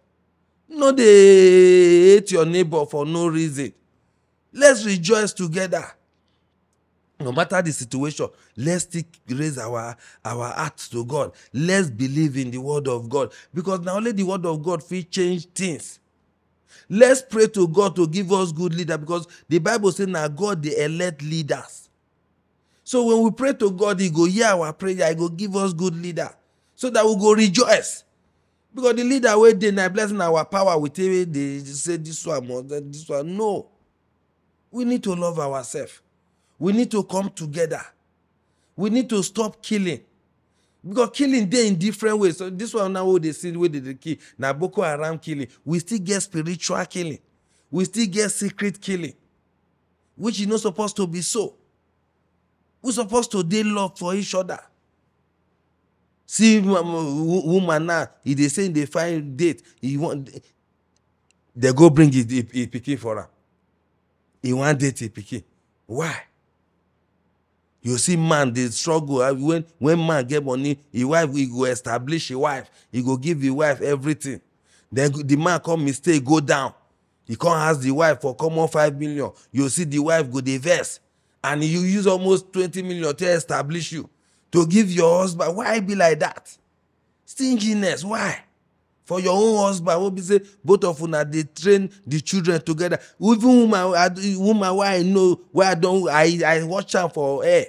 no dey hate your neighbor for no reason let's rejoice together no matter the situation let's still raise our our heart to god let's believe in the word of god because na only the word of god fit change things let's pray to god to give us good leader because the bible say na god dey elect leaders so when we pray to god he go hear our prayer he go give us good leader so that we go rejoice because the leader wey dey na blessing our power we take dey say this one must this one no we need to love ourselves We need to come together. We need to stop killing. Because killing there in different ways. So this one now they see where they kill. Now Boko Haram killing. We still get spiritual killing. We still get secret killing. Which is not supposed to be so. We're supposed to deal love for each other. See um, um, woman now, if they say they find date, he want they go bring it, it, picking for her. He want date it picking. Why? you see man dey struggle when when man get money him wife he go establish him wife he go give him wife everything then the man come mistake go down he come ask the wife for common five million you see the wife go dey vex and you use almost twenty million to establish you to give your husband why be like that stinginess why for your own husband wey be say both of una dey train the children together even woman woman wey i know wey i don i i watch am for air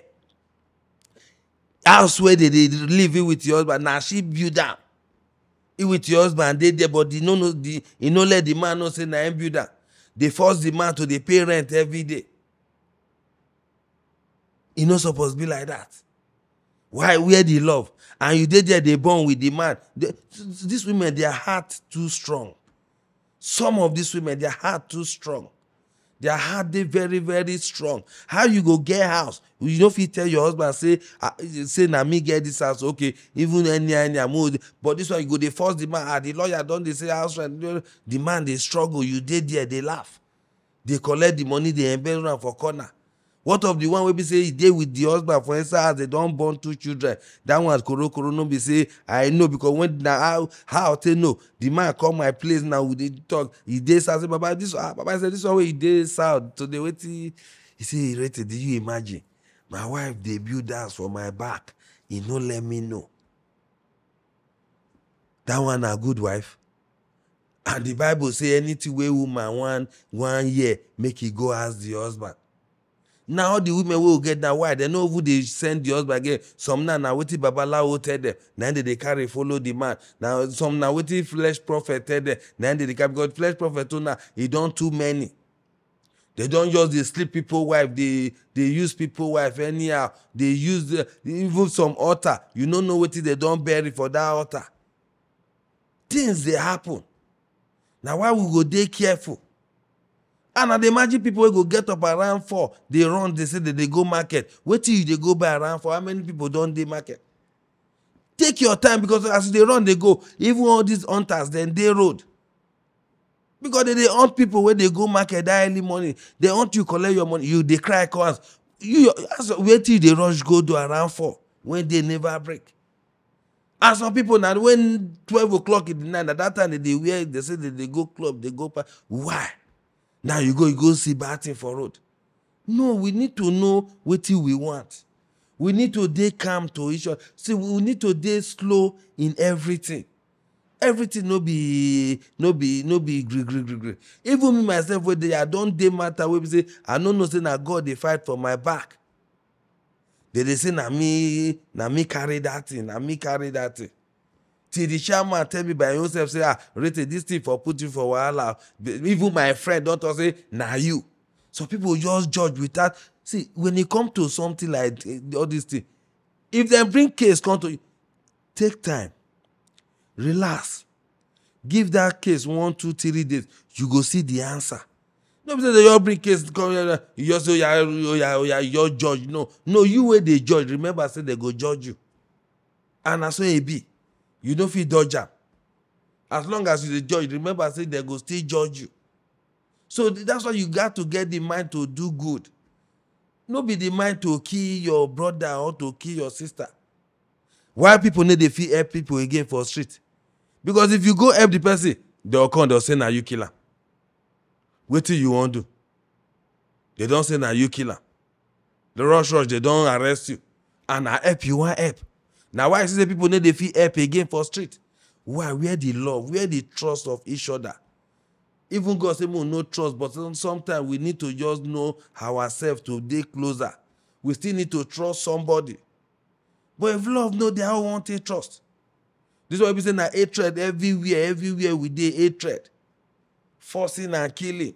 house wey dey dey live with your husband na she build am he with your husband dey there but he no know the he no let the man know say na him build am dey force the man to dey pay rent every day e no suppose be like that why where the love and you dey there dey born with the man these women their heart too strong some of these women their heart too strong their heart dey very very strong how you go get house you no fit tell your husband say uh, say na me get this house okay even any any amount oh, but this one you go dey force the man ah the lawyer don dey say house rent the man dey struggle you dey there dey laugh dey collect the money dey embezzle am for corner what of the one wey be say he dey with the husband for inside house they don born two children that one koro koro no be say i know because when na how how take know the man come my place now we dey talk he dey south say baba this ah baba say this one wey he dey south today wetin he say he rate did you imagine my wife dey build house for my back he no let me know that one na good wife and the bible say anything wey woman wan wan hear make he go ask the husband Now all the women wey we get na why dem no even dey send the husband again some now. na wetin babalawo tell dem na im dey dey carry follow the man na some na wetin flesh prophet tell dem na im dey carry because flesh prophet too na e don too many they don just dey sleep people wife dey dey use people wife anyhow dey use uh, even some altar you no know wetin they don bury for that altar things dey happen na why we go dey careful and i dey imagine people wey go get up around four dey run dey say dem dey go market wetin you dey go buy around four how many people don dey market. take your time because as you dey run dey go even all these hunters dem dey road. because dey dey hunt people wey dey go market that early morning dey hunt you collect your money you dey cry cry house you ask wetin you dey rush go do around four when day never break. as some people na when twelve o'clock in the night na that time dem dey wear dey say dem dey go club dey go party why. now you go you go see bad thing for road no we need to know wetin we want we need to dey calm to each other see we need to dey slow in everything everything no be no be no be gree gree gree gree even me myself wey dey i don dey matter wey be say i no know say na god dey fight for my back dey dey say na me na me carry that thing na me carry that thing till the chairman tell me by himself say ah rete this thing for put you for wahala even my friend don talk say na you so people just judge without see when e come to something like all this thing if dem bring case come to you take time relax give that case one two three days you go see the answer no be say they just bring case come here you just say oya oh, oya oh, oya oh, you just judge no no you wey dey judge remember say they go judge you and na so e be you no fit dodge am as long as you dey judge remember say dem go still judge you so that's why you got to get the mind to do good no be the mind to kill your brother or to kill your sister why people no dey fit help people again for street because if you go help the person they go come dey say na you kill am wetin you wan do they don say na you kill am the rush rush they don arrest you and na help you wan help na why i see say people no dey fit help again for street why where the love where the trust of each other even god say make we no trust but sometimes we need to just know ourselves to dey closer we still need to trust somebody but if love no dey how we wan take trust this one be say na hatred everywhere everywhere we dey hatred forcing and killing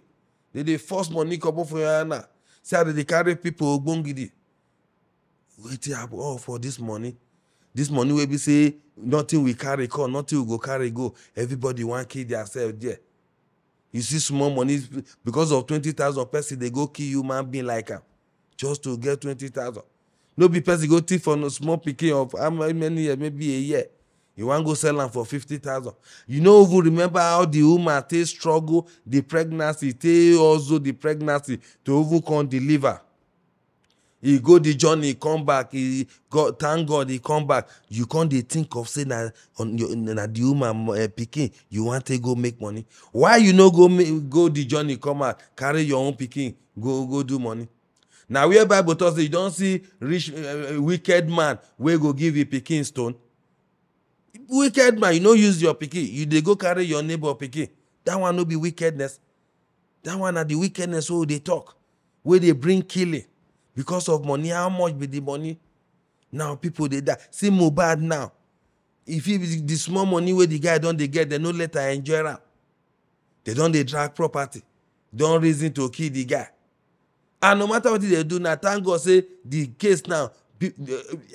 they dey force money comot for your hand now see how they dey carry people ogbongidi wetin happen all oh, for this money this money wey be say nothing we carry come nothing we go carry go everybody wan kill theirself there you see small money because of twenty thousand person dey go kill human being like am just to get twenty thousand no be person go thief for small pikin of how many years maybe a year you wan go sell am for fifty thousand you no even remember how the woman take struggle the pregnancy take hustle the pregnancy to even come deliver He go the journey come back He god thank god He come back you come dey think of say na on your na the woman uh, pikin you wan take go make money why you no go go the journey come out carry your own pikin go go do money na where bible talk say you don see rich uh, wicked man wey go give him pikin stone wicked man you no use your pikin you dey go carry your neighbor pikin that one no be wickedness that one na the wickedness wey we dey talk wey dey bring killing because of money how much be the money now people dey die see mohbad now If fit be the small money wey the guy don dey get dem no let am enjoy am dem don dey drag property don reason to kill the guy and no matter wetin dem do na thank god say the case now eh,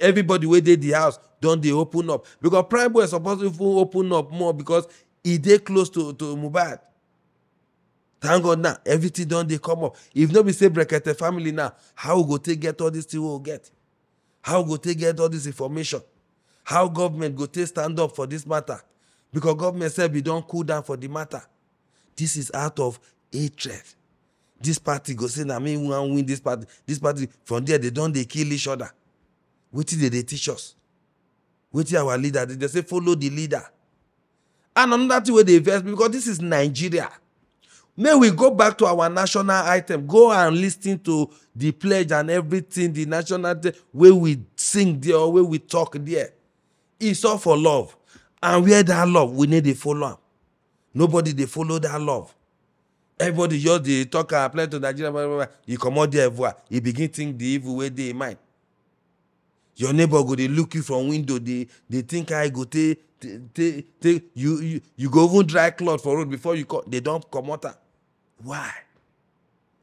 everybody wey dey the house don dey open up because prime boy suppose even open up more because e dey close to to mohbad thank god now everything don dey come up if no be say brekete family now how we go take get all this thing wey we get how we go take get all this information how government go take stand up for this matter because government sef bin don cool down for the matter this is out of hatred this party go say na me wan win this party this party from there they don dey kill each other wetin dey dey teach us wetin our leader dey dey say follow the leader and another thing wey dey vex me because this is nigeria may we go back to our national item go and lis ten to the pledge and everything the national day wey we sing there or wey we talk there it's all for love and where that love we need dey follow am nobody dey follow that love everybody just dey talk and apply to nigeria blah blah blah e comot there voa e begin think the evil wey dey im mind your neighbor go dey look you from window dey dey think how e go take take take you you you go even dry cloth for road before you come they don comot am Why?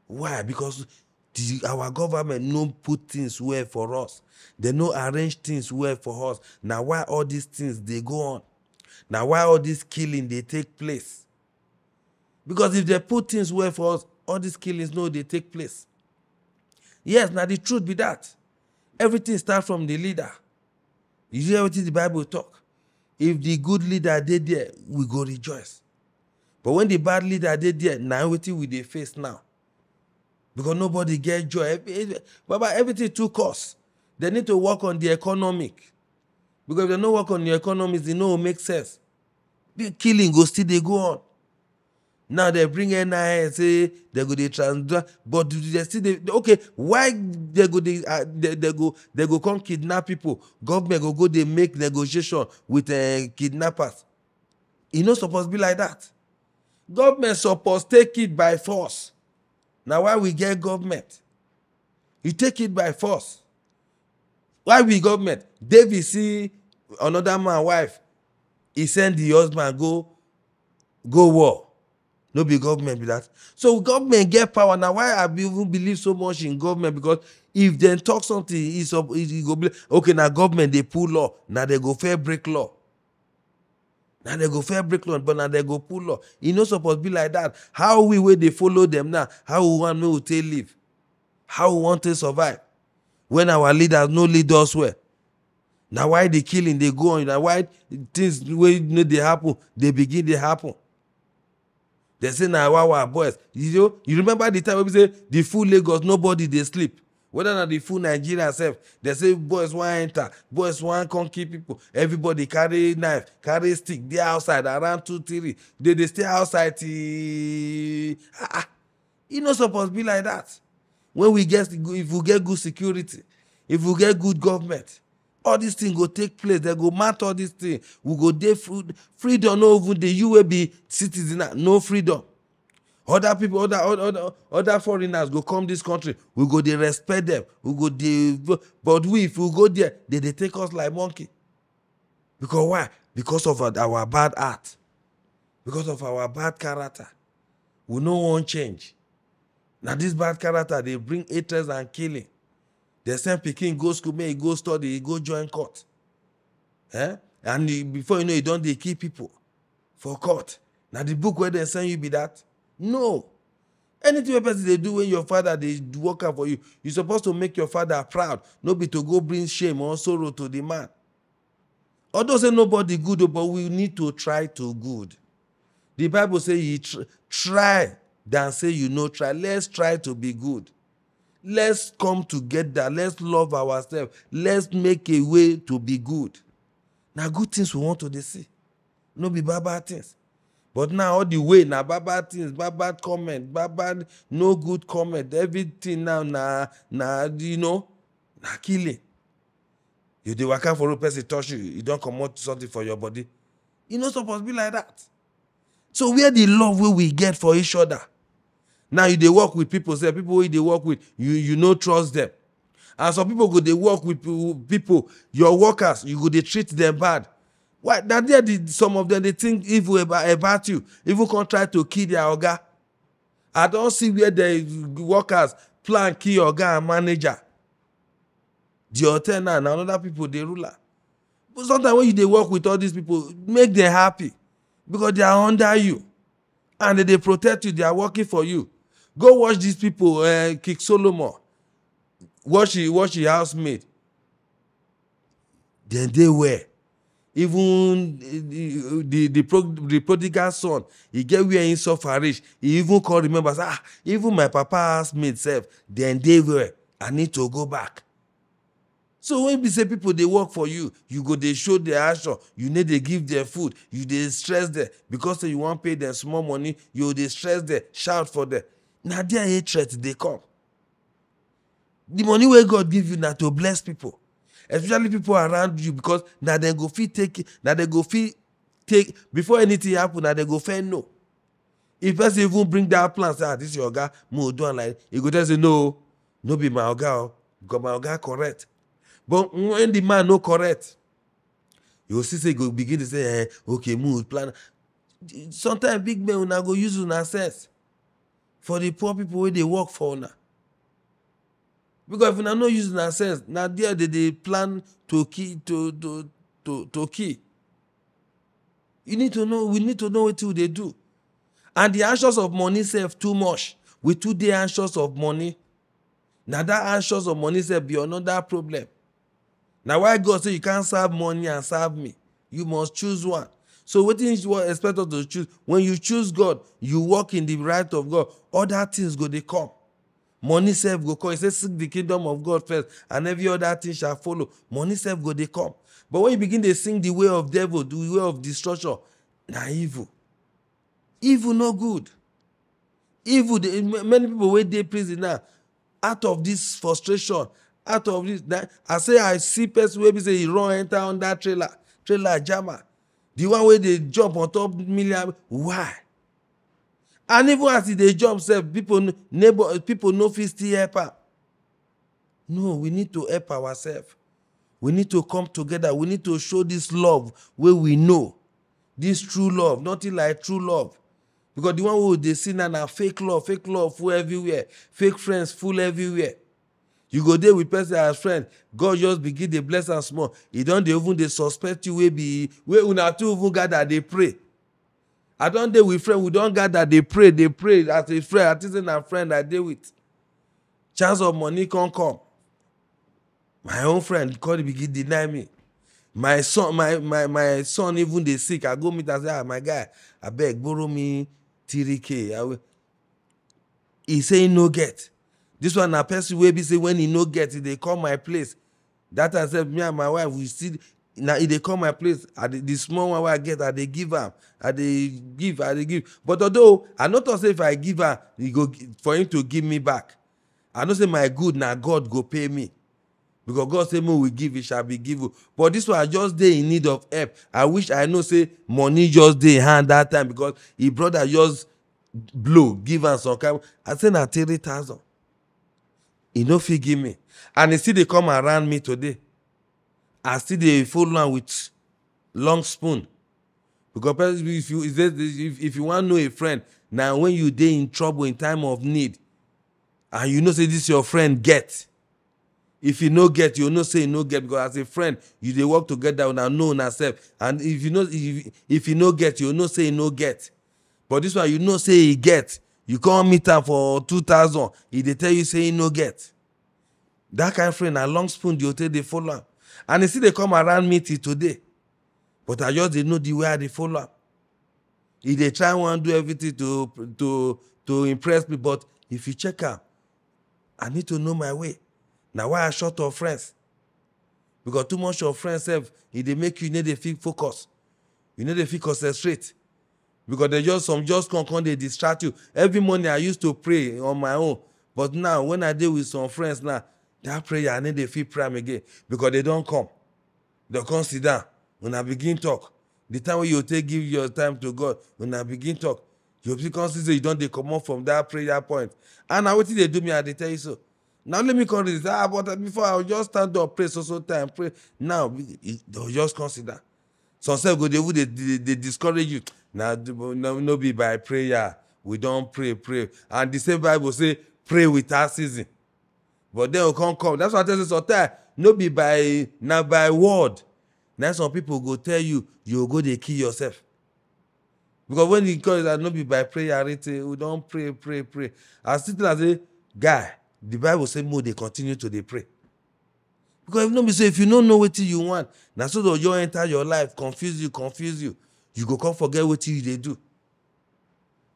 Why? Because the, our government no put things well for us. They no arrange things well for us. Now why all these things they go on? Now why all this killing they take place? Because if they put things well for us, all these killings no they take place. Yes, now the truth be that. Everything starts from the leader. You hear what the Bible talk. If the good leader did there, we go rejoice. but when the bad leader dey there na wetin we dey face now because nobody get joy every, baba everything too cost they need to work on the economic because if they no work on the economy, e no make sense The killing go still dey go on now they bring nis say they go dey transfer but they still dey okay why they go dey uh, they, they go they go come kidnap people government go go dey make negotiation with uh, kidnappers e no suppose be like that government suppose take it by force na why we get government you take it by force why we government david see another man wife he send the husband go go war no be government be that so government get power na why i be even believe so much in government because if dem talk something e go be okay na government dey pull law na dem go fair break law na dem go fair break law but na dem go pull law e no suppose be like that how we wey dey follow dem now how we wan make we take live how we wan take survive when our leaders no lead us well na why the killing dey go on na why things wey no dey happen dey begin dey happen dem say na our our boys you know you remember the time wey be say the full lagos nobody dey sleep whether na the full nigeria sef dey say boys wan enter boys wan come kill people everybody carry knife carry stick dey outside around two three dey dey stay outside till ah ah e no suppose be like that when we get if we get good security if we get good government all these things go take place They go mount all these things we go dey freedom no even dey you wey be citizen ah, no freedom other people other other other foreigners go come this country we go dey respect them we go dey but we if we go there they dey take us like monkey because why because of our bad heart because of our bad character we no wan change na this bad character dey bring hatred and killing dey send pikin go school make e go study e go join court eh? and e, before you know e don dey kill people for court na the book wey dem send you be that No. Anything wey person dey do when your father dey work am for you, you suppose to make your father proud, no be to go bring shame or sorrow to the man. Although say nobody good o, but we need to try to good. The Bible say you tr try than say you no try. Let's try to be good. Let's come together. Let's love ourselves. Let's make a way to be good. Na good things we want to dey see, no be bad bad things but now all the way na bad bad things bad bad comment bad bad no good comment everything now na na you know na killing you dey waka for road person touch you you e don comot something for your body e no suppose be like that so where the love wey we get for each other now you dey work with people sef people wey you dey work with you you no trust them and some people go dey work with people your workers you go dey treat them bad why na there the some of them they think evil about about you even come try to kill their oga i don't see where the workers plan kill oga and manager the hotel now na another people the ruler. but sometimes when you dey work with all these people make them happy because they are under you and they dey protect you they are working for you go watch these people uh, king solomon watch him watch him housemate dem dey well even the the pro the prodigal son he get where him suffer reach He even come remember say ah even my papa's maid sef dem dey where i need to go back so when be say people dey work for you you go dey show their action you no dey give them food you dey stress them because say you wan pay them small money you dey stress them shout for them na there hatred dey come the money wey god give you na to bless people especially people around you because na dem go fit take na dem go fit take before anything happen na dem go first know if person even bring that plan say ah this your oga mo do am like he go tell say no no be my oga o because my oga correct but when the man no correct you go see say you go begin to say eh okay mo plan sometimes big men una go use una sense for the poor people wey dey work for una because if you're not using that sense now there they plan to kill to to to to kill you need to know we need to know what they do and the anxious of money save too much we too dey anxious of money na that anxious of money sef be another problem na why god say you can serve money and serve me you must choose one so wetin you expect us to choose when you choose god you walk in the right of god other things go dey come money sef go come he say seek the kingdom of god first and every other thing shall follow money sef go dey come but when you begin dey sing the way of devil the way of destruction na evil evil no good evil dey many people wey dey prison now out of this frustration out of this na i say i see person wey be say he run enter under trailer trailer jammer the one wey dey jump on top million why and even as e dey job sef pipo neighbor people, no fit still help am no we need to help ourselves we need to come together we need to show this love wey we know this true love nothing like true love because the one wey we dey see now na fake love fake love full everywhere fake friends full everywhere you go dey with person as friend god just begin dey bless am small e don dey even dey suspect you wey be wey una two even gather dey pray i don't deal with friend we don gather they pray They pray as a friend artisan na friend i deal with chance of money can't come my own friend come begin deny me my son my my my son even they sick i go meet am say ah my guy I beg borrow me three k i he say no get this one a person wey be say when he no get he dey come my place that I said me and my wife we still Now e they come my place i dey the small one where i get i they give am i they give i they give but although i no talk say if i give am he go for him to give me back i know say my good now. god go pay me because god say make we give it shall be given but this one i just dey in need of help i wish i know say money just dey hand that time because him brother just blow give am some kind i say na three thousand he no fee give me and he still dey come around me today i still dey follow am with long spoon because if you if, if you wan know a friend na when you dey in trouble in time of need and you know say this your friend get if you no get you know say you no get because as a friend you dey work together una know una sef and if you no if, if you no get you know say you no get but this one you know say he get you come meet am for two thousand he dey tell you say he no get that kind friend na long spoon the hotel dey follow am and e still dey come around me till today but i just dey know the way i dey follow am e dey try wan do everything to to to impress me but if you check am i need to know my way na why i short of friends because too much of friends sef e dey make you no dey fit focus you no dey fit concentrate because they just some just come come dey distract you every morning i used to pray on my own but now when i dey with some friends now that prayer and then they feel pray again because they don't come they come sit down una begin talk the time wey you take give your time to god una begin talk you fit see say you don dey comot from that prayer point and na wetin dey do me i dey tell you so now let me come read this ah but uh, before i just stand up pray so so time pray now they go just consider some sef go dey even dey dey dey discourage you na no no be by prayer we don pray pray and the same bible say pray without ceasing but then go come come that's why i tell you sometimes no be by not by word Now some people go tell you you go they kill yourself because when you call yourself no be by prayer we don't pray pray pray i still tell am say guy the bible say more. They continue to they pray because if no be say if you don't know what you want now so the oyo enter your life confuse you confuse you you go come forget what you dey do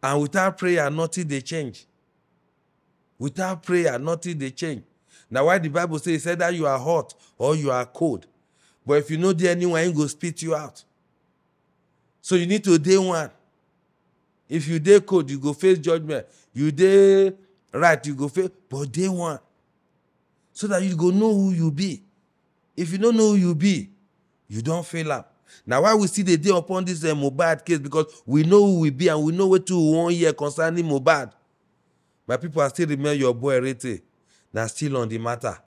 and without prayer nothing they change Without prayer, nothing they change. Now, why the Bible says either you are hot or you are cold. But if you know there anyone, he go spit you out. So you need to day one. If you day cold, you go face judgment. You day right, you go face, but day one. So that you go know who you be. If you don't know who you be, you don't fail up. Now, why we see the day upon this uh, eh, Mobad case? Because we know who we be and we know what to one year concerning Mobad my people i still remember your boy rete na still on the matter